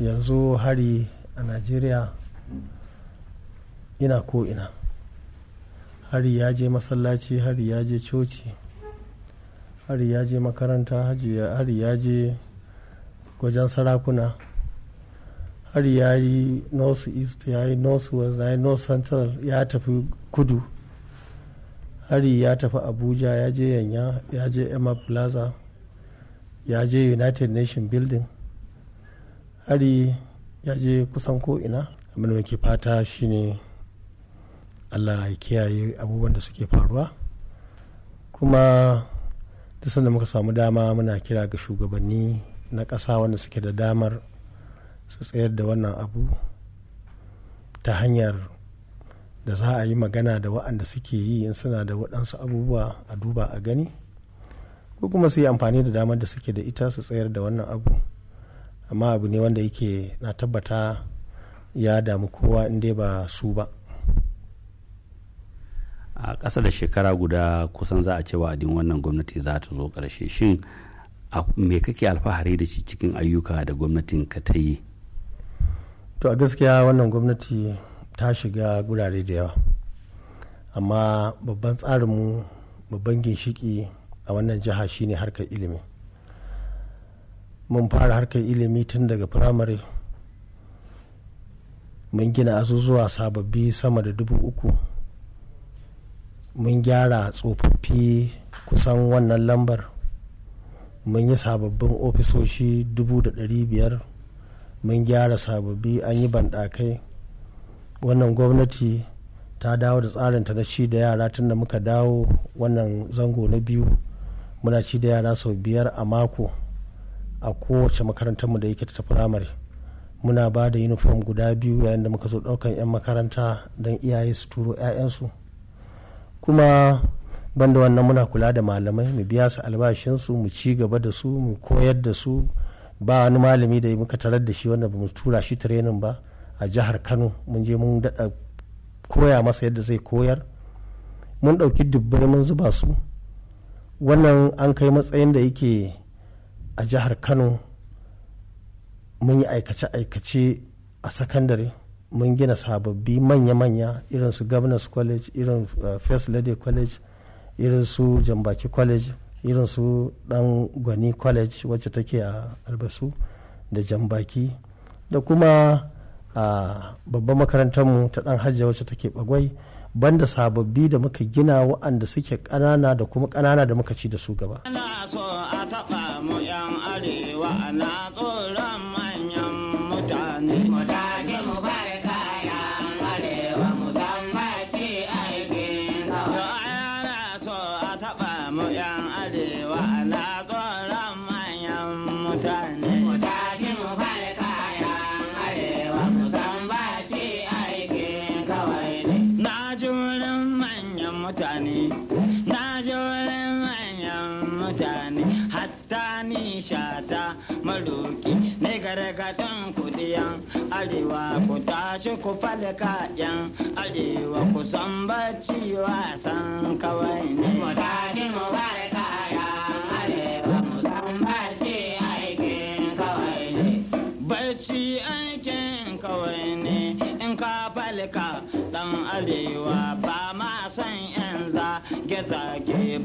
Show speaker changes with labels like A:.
A: yanzu hari a najeriya ina ko ina hari ya je masallaci hari ya je coci hari ya je makaranta hari ya je gwajen sarakuna hari ya yi north east ya yi north west ya yi north central ya tafi kudu hari ya tafi abuja ya je yanya ya je emma plaza ya je united nation building hari ya je kusan ko ina abin da ke fata shine allah ya kiyaye abubuwan da suke faruwa kuma duk sanda muka samu dama muna kira ga shugabanni na ƙasa wanda suke da damar su tsayar da wannan abu ta hanyar da za a yi magana da waɗanda suke yi in suna da waɗansu abubuwa a duba a gani ko kuma su yi amfani da damar da suke da ita su tsayar da wannan abu amma abu ne wanda yake na tabbata ya damu kowa inda ba su ba a ƙasa da shekara guda kusan za a ce wa'adin wannan gwamnati za ta zo ƙarshe shin me kake alfahari da shi cikin ayyuka da gwamnatin ka ta yi to a gaskiya wannan gwamnati ta shiga gurare da yawa amma babban tsarinmu babban ginshiki a wannan jiha shine harkar ilimi mun fara harkar ilimi tun daga firamare mun gina azuzuwa sababbi sama da dubu uku mun gyara tsofaffi kusan wannan lambar mun yi sababbin ofisoshi dubu da ɗari biyar mun gyara sababbi an yi banɗakai wannan gwamnati ta dawo da tsarin ta na ci da yara tun da muka dawo wannan zango na biyu muna ci da yara sau biyar a mako a kowace makarantar mu da yake ta firamare muna ba da uniform guda biyu yayin da muka zo ɗaukan 'yan makaranta don iyaye su turo 'ya'yansu kuma banda wannan muna kula da malamai mu biya su albashinsu mu ci gaba da su mu koyar da su ba wani malami da muka tarar da shi wanda ba mu tura shi trenin ba a jihar kano mun je mun daɗa koya masa yadda zai koyar mun ɗauki dubbai mun zuba su wannan an kai matsayin da yake a jihar kano mun yi aikace-aikace a sakandare mun gina sababbi manya-manya irin su governors college irin uh, first lady college irin su jambaki college irin su dan gwani college wacce take a albasu da jambaki da kuma a babban makarantarmu ta dan hajji wacce take bagwai banda sababbi da muka gina wa'anda suke ƙanana da kuma ƙanana da muka ci da su gaba. Ana so
B: a taɓa mu 'yan arewa na tsoron mutane hatta ni shata ne gargadin kudiyan arewa ku tashi ku falka yan arewa ku san bacci wasan kawai ne mu kawai ne kawai in ka dan arewa ba ma san yan